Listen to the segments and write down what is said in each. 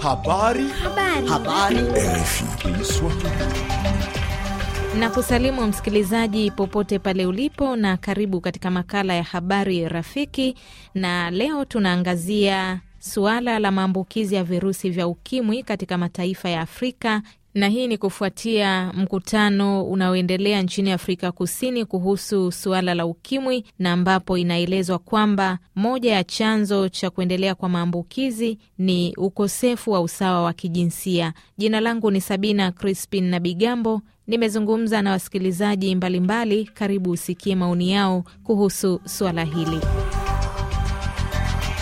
Habari. Habari. Habari. Na kusalimu msikilizaji popote pale ulipo na karibu katika makala ya habari rafiki, na leo tunaangazia suala la maambukizi ya virusi vya ukimwi katika mataifa ya Afrika na hii ni kufuatia mkutano unaoendelea nchini Afrika Kusini kuhusu suala la ukimwi, na ambapo inaelezwa kwamba moja ya chanzo cha kuendelea kwa maambukizi ni ukosefu wa usawa wa kijinsia. Jina langu ni Sabina Crispin na Bigambo. Nimezungumza na wasikilizaji mbalimbali mbali, karibu usikie maoni yao kuhusu suala hili.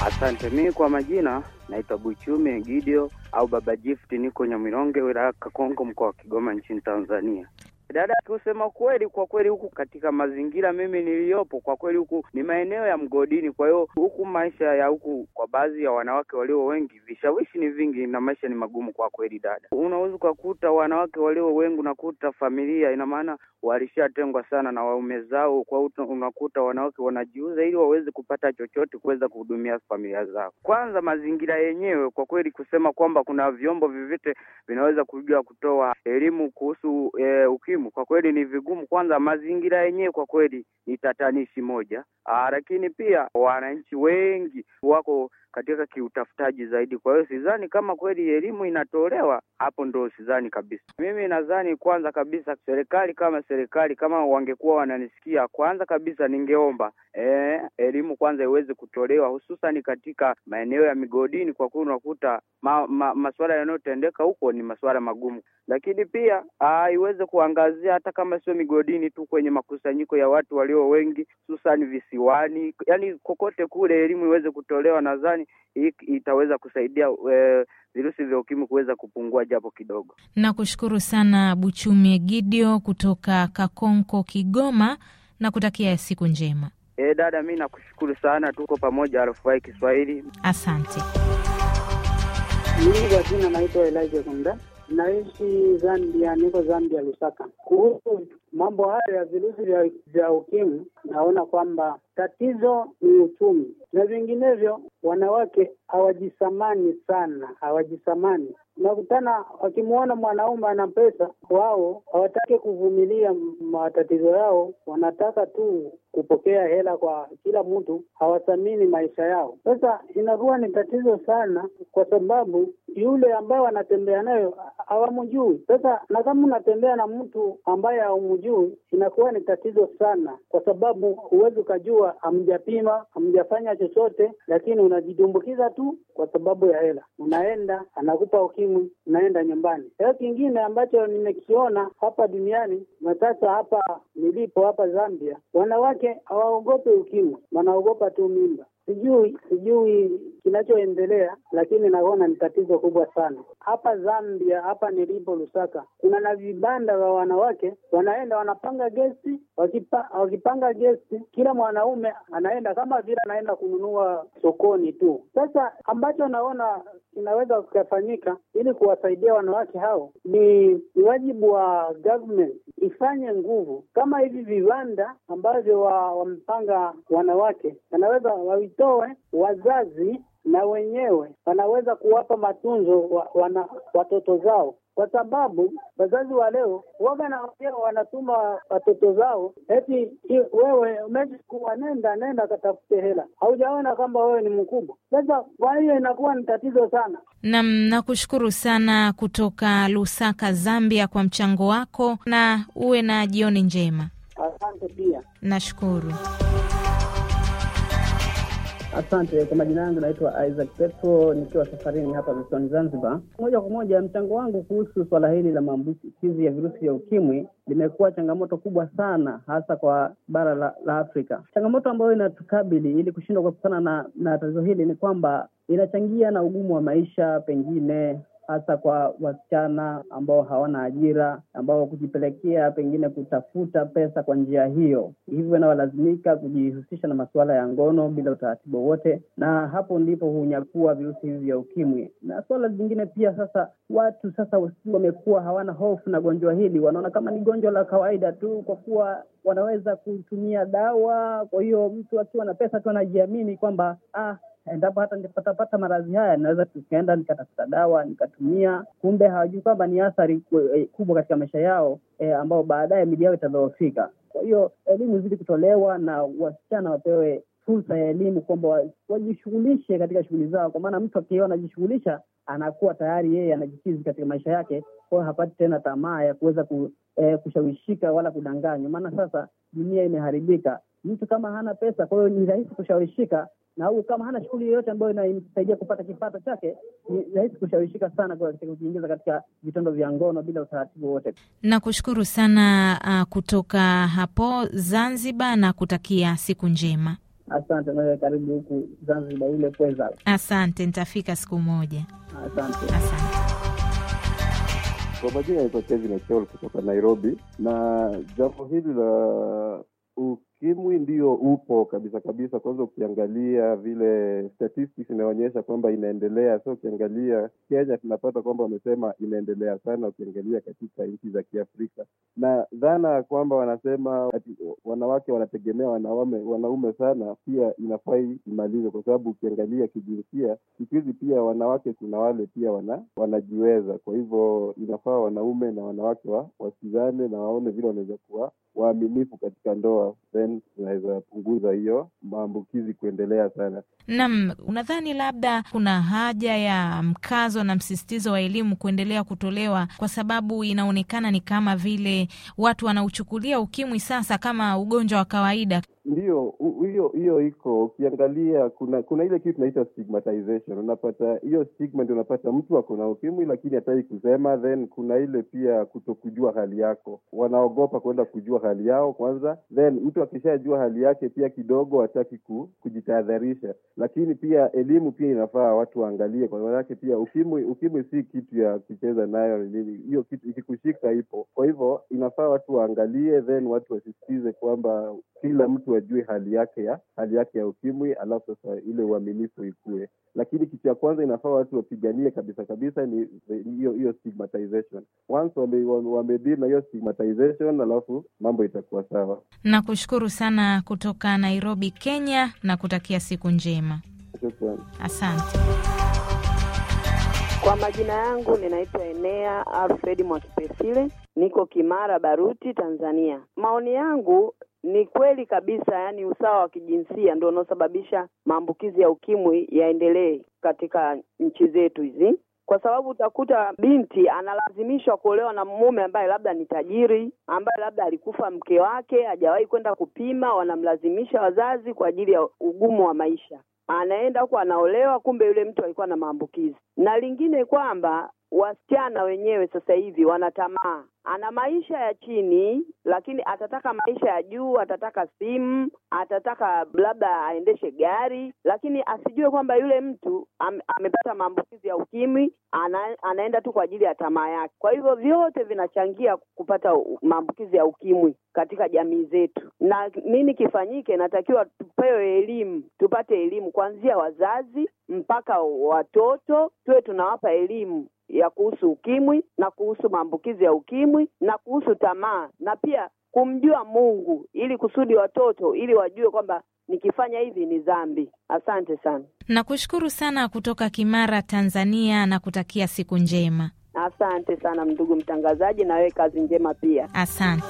Asante. Mimi kwa majina naitwa Buchume gideo au Baba Gift, niko Nyamironge, wilaya Kakongo, mkoa wa Kigoma, nchini Tanzania. Dada, kusema kweli, kwa kweli huku katika mazingira mimi niliyopo, kwa kweli huku ni maeneo ya mgodini. Kwa hiyo huku maisha ya huku kwa baadhi ya wanawake walio wengi, vishawishi ni vingi na maisha ni magumu kwa kweli. Dada, unaweza ukakuta wanawake walio wengi, unakuta familia, ina maana walishatengwa sana na waume zao, kwa unakuta wanawake wanajiuza ili waweze kupata chochote kuweza kuhudumia familia zao. Kwanza mazingira yenyewe, kwa kweli kusema kwamba kuna vyombo vyovyote vinaweza kujua kutoa elimu kuhusu e, eh, uki elimu kwa kweli ni vigumu. Kwanza mazingira yenyewe kwa kweli ni tatanishi moja. Ah, lakini pia wananchi wengi wako katika kiutafutaji zaidi. Kwa hiyo sidhani kama kweli elimu inatolewa hapo, ndo sidhani kabisa. Mimi nadhani kwanza kabisa serikali kama serikali, kama wangekuwa wananisikia, kwanza kabisa ningeomba eh, elimu kwanza iweze kutolewa, hususan katika maeneo ya migodini, kwa kuwa unakuta ma, ma, masuala yanayotendeka huko ni masuala magumu, lakini pia aa, iweze kuangazia hata kama sio migodini tu, kwenye makusanyiko ya watu walio wengi, hususan visiwani, yani kokote kule elimu iweze kutolewa. Nadhani itaweza kusaidia e, virusi vya ukimwi kuweza kupungua japo kidogo. Nakushukuru sana Buchumi Gidio kutoka Kakonko, Kigoma, na kutakia siku njema. E, dada, mi nakushukuru sana, tuko pamoja Arufai Kiswahili, asante. Mimi kwa jina naitwa Elijah Kunda, naishi Zambia, niko Zambia Lusaka. Kuhusu mambo hayo ya virusi vya ukimwi, naona kwamba tatizo ni uchumi na vinginevyo, wanawake hawajisamani sana, hawajisamani Unakutana wakimwona mwanaume ana pesa, wao hawataki kuvumilia matatizo yao, wanataka tu kupokea hela kwa kila mtu, hawathamini maisha yao. Sasa inakuwa ni tatizo sana, kwa sababu yule ambaye wanatembea nayo hawamjui. Sasa na kama unatembea na mtu ambaye haumjui, inakuwa ni tatizo sana, kwa sababu huwezi ukajua, hamjapima, hamjafanya chochote, lakini unajitumbukiza tu kwa sababu ya hela. Unaenda anakupa uki simu naenda nyumbani. Sasa kingine ambacho nimekiona hapa duniani na sasa hapa nilipo hapa Zambia, wanawake hawaogope ukimwi, wanaogopa tu mimba. Sijui sijui kinachoendelea, lakini naona ni tatizo kubwa sana hapa Zambia. Hapa nilipo Lusaka, kuna na vibanda vya wanawake wanaenda wanapanga gesi. Wakipa, wakipanga gesi, kila mwanaume anaenda kama vile anaenda kununua sokoni tu. Sasa ambacho naona inaweza kufanyika ili kuwasaidia wanawake hao, ni wajibu wa government ifanye nguvu kama hivi viwanda ambavyo wamepanga wanawake, wanaweza wavitoe wazazi na wenyewe wanaweza kuwapa matunzo wa, wana, watoto zao kwa sababu wazazi wa leo waga na wanatuma watoto zao, eti wewe umeshakuwa, nenda nenda katafute hela, haujaona kwamba wewe ni mkubwa. Sasa kwa hiyo inakuwa ni tatizo sana. Nam, nakushukuru sana kutoka Lusaka, Zambia, kwa mchango wako, na uwe na jioni njema. Asante pia, nashukuru. Asante. Kwa majina yangu naitwa Isaac Petro, nikiwa safarini hapa visiwani Zanzibar. Moja kwa moja, mchango wangu kuhusu swala hili la maambukizi ya virusi vya ukimwi limekuwa changamoto kubwa sana, hasa kwa bara la, la Afrika. Changamoto ambayo inatukabili ili kushindwa kuepukana na, na tatizo hili ni kwamba inachangia na ugumu wa maisha pengine hasa kwa wasichana ambao hawana ajira, ambao kujipelekea pengine kutafuta pesa kwa njia hiyo, hivyo inawalazimika kujihusisha na masuala ya ngono bila utaratibu wowote, na hapo ndipo hunyakua virusi hivi vya ukimwi na suala zingine pia. Sasa watu sasa wamekuwa hawana hofu na gonjwa hili, wanaona kama ni gonjwa la kawaida tu, kwa kuwa wanaweza kutumia dawa. Kwa hiyo mtu akiwa na pesa tu anajiamini kwamba ah, endapo hata nipatapata maradhi haya, naweza tukaenda nikatafuta dawa nikatumia. Kumbe hawajui kwamba ni athari eh, kubwa katika maisha yao e, ambao baadaye mili yao itadhoofika. Kwa hiyo elimu izidi kutolewa na wasichana wapewe fursa ya elimu kwamba wajishughulishe katika shughuli zao, kwa maana mtu akiwa anajishughulisha anakuwa tayari yeye anajikizi katika maisha yake, kwayo hapati tena tamaa ya kuweza ku, eh, kushawishika wala kudanganywa. Maana sasa dunia imeharibika, mtu kama hana pesa, kwa hiyo ni rahisi kushawishika na huyu kama hana shughuli yoyote ambayo inamsaidia kupata kipato chake, ni rahisi kushawishika sana katika kujiingiza katika vitendo vya ngono bila utaratibu wote. Nakushukuru sana uh, kutoka hapo Zanzibar na kutakia siku njema. Asante nawe, karibu huku Zanzibar ule kweza. Asante, nitafika siku moja. Asante, asante. Kwa majina naitwa Kevin Ochol kutoka Nairobi, na jambo hili la ukimwi ndio upo kabisa kabisa. Kwanza ukiangalia vile statistics inaonyesha kwamba inaendelea, so ukiangalia Kenya tunapata kwamba wamesema inaendelea sana, ukiangalia katika nchi za Kiafrika, na dhana ya kwamba wanasema ati wanawake wanategemea wanaume wanaume sana, pia inafai imalizwe, kwa sababu ukiangalia kijinsia siku hizi pia wanawake kuna wale pia wana, wanajiweza. Kwa hivyo inafaa wanaume na wanawake wa na waone vile wanaweza kuwa waaminifu katika ndoa, then tunaweza punguza hiyo maambukizi kuendelea sana. Naam, unadhani labda kuna haja ya mkazo na msisitizo wa elimu kuendelea kutolewa, kwa sababu inaonekana ni kama vile watu wanauchukulia ukimwi sasa kama ugonjwa wa kawaida. Ndio, hiyo hiyo iko. Ukiangalia kuna kuna ile kitu tunaita stigmatization, unapata hiyo stigma, ndio unapata mtu ako na ukimwi lakini hatai kusema. Then kuna ile pia kutokujua hali yako, wanaogopa kwenda kujua hali yao kwanza, then mtu akishajua hali yake pia kidogo hataki ku, kujitahadharisha. Lakini pia elimu pia inafaa watu waangalie, kwa manake pia ukimwi ukimwi si kitu ya kucheza nayo nini, hiyo kitu ikikushika ipo. Kwa hivyo inafaa watu waangalie, then watu wasisitize kwamba kila mtu wajue hali yake ya hali yake ya ukimwi, alafu sasa ile uaminifu ikue. Lakini kitu ya kwanza inafaa watu wapiganie kabisa kabisa ni hiyo hiyo stigmatization. Once wame, wame na hiyo stigmatization, alafu mambo itakuwa sawa. Nakushukuru sana kutoka Nairobi, Kenya, na kutakia siku njema. asante. Kwa majina yangu ninaitwa Enea Alfred Mwakipesile, niko Kimara Baruti, Tanzania. Maoni yangu ni kweli kabisa, yani usawa wa kijinsia ndio unaosababisha maambukizi ya ukimwi yaendelee katika nchi zetu hizi, kwa sababu utakuta binti analazimishwa kuolewa na mume ambaye labda ni tajiri, ambaye labda alikufa mke wake, hajawahi kwenda kupima, wanamlazimisha wazazi kwa ajili ya ugumu wa maisha. Anaenda huko anaolewa, kumbe yule mtu alikuwa na maambukizi. Na lingine kwamba wasichana wenyewe sasa hivi wana tamaa ana maisha ya chini, lakini atataka maisha ya juu, atataka simu, atataka labda aendeshe gari, lakini asijue kwamba yule mtu am, amepata maambukizi ya ukimwi, ana, anaenda tu kwa ajili ya tamaa yake. Kwa hivyo vyote vinachangia kupata maambukizi ya ukimwi katika jamii zetu. Na nini kifanyike? Natakiwa tupewe elimu, tupate elimu kuanzia wazazi mpaka watoto, tuwe tunawapa elimu ya kuhusu ukimwi na kuhusu maambukizi ya ukimwi ukimwi na kuhusu tamaa na pia kumjua Mungu ili kusudi watoto ili wajue kwamba nikifanya hivi ni dhambi. Asante sana, nakushukuru sana kutoka Kimara, Tanzania, na kutakia siku njema. Asante sana ndugu mtangazaji, na wewe kazi njema pia. Asante,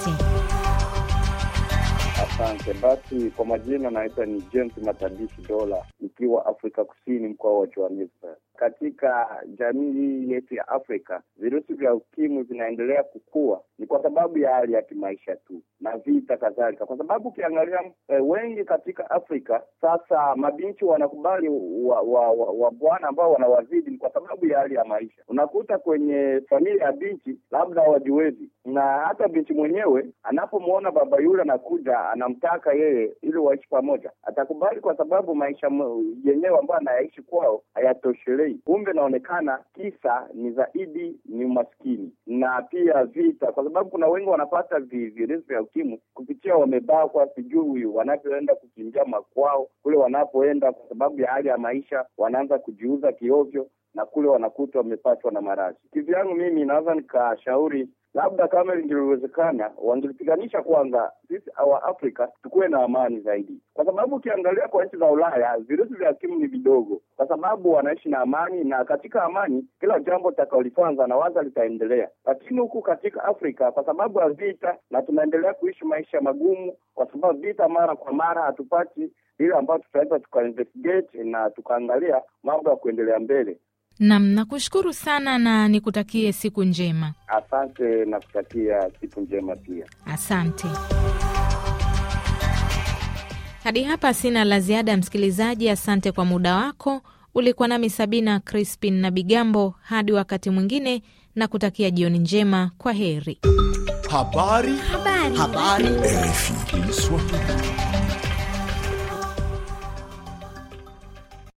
asante. Basi kwa majina naitwa ni James Matabishi Dola, nikiwa Afrika Kusini, mkoa wa Johannesburg katika jamii hii yetu ya Afrika, virusi vya ukimwi vinaendelea kukua, ni kwa sababu ya hali ya kimaisha tu na vita kadhalika, kwa sababu ukiangalia e, wengi katika Afrika sasa mabinti wanakubali wa, wa, wa, wa bwana ambao wanawazidi, ni kwa sababu ya hali ya maisha. Unakuta kwenye familia ya binti labda hawajiwezi, na hata binti mwenyewe anapomwona baba yule anakuja anamtaka yeye ili waishi pamoja, atakubali kwa sababu maisha yenyewe ambayo anayaishi kwao hayatoshelei hii. Kumbe inaonekana kisa ni zaidi ni umaskini na pia vita, kwa sababu kuna wengi wanapata virusi vya ukimwi kupitia wamebakwa, sijui wanavyoenda kukimbia makwao kule wanapoenda, kwa sababu ya hali ya maisha wanaanza kujiuza kiovyo na kule wanakuta wamepatwa na maradhi. Kivyangu mimi naweza nikashauri Labda kama ilivyowezekana wangelipiganisha kwanza sisi awa Afrika tukuwe na amani zaidi, kwa sababu ukiangalia kwa nchi za Ulaya virusi vya ukimwi ni vidogo, kwa sababu wanaishi na amani, na katika amani kila jambo takaolifanza na waza litaendelea. Lakini huku katika Afrika kwa sababu ya vita, na tunaendelea kuishi maisha magumu kwa sababu vita mara kwa mara, hatupati ile ambayo tutaweza tukainvestigate na tukaangalia mambo ya kuendelea mbele. Nam, nakushukuru sana na nikutakie siku njema. Asante, nakutakia siku njema pia. Asante. Hadi hapa sina la ziada, msikilizaji. Asante kwa muda wako. Ulikuwa nami Sabina Crispin na Bigambo. Hadi wakati mwingine, na kutakia jioni njema. Kwa heri. Habari. Habari. Habari. Habari.